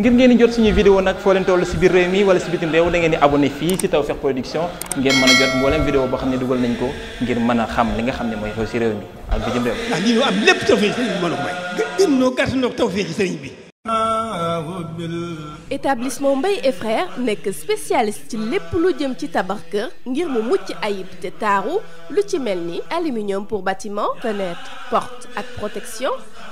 ngir ngeen di jot suñu vidéo nag foo leen toll si biir réew mi wala si bitim réew da ngeen di abonné fii si Tawfekh Production ngeen mën a jot mboolem vidéo boo xam ne dugal nañ ko ngir mën a xam li nga xam ne mooy xew si réew mi ak bitim réew. ndax lii ñu am lépp Tawfekh sëriñ bi mën a may. gën noo gàtt noo Tawfekh sëriñ bi. établissement Mbaye et nekk spécialiste ci lépp lu jëm ci tabax kër ngir mu mucc ayib te taaru lu ci mel ni aluminium pour bâtiment fenêtre porte ak protection.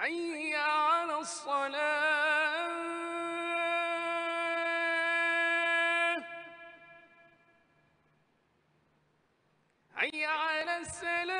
حي على الصلاة حي على السلام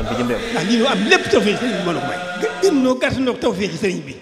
ak bi jëm réew. ndax lii am lépp tawfeex sëriñ bi moo la ko may. gën noo gàtt noo tawfeex sëriñ bi.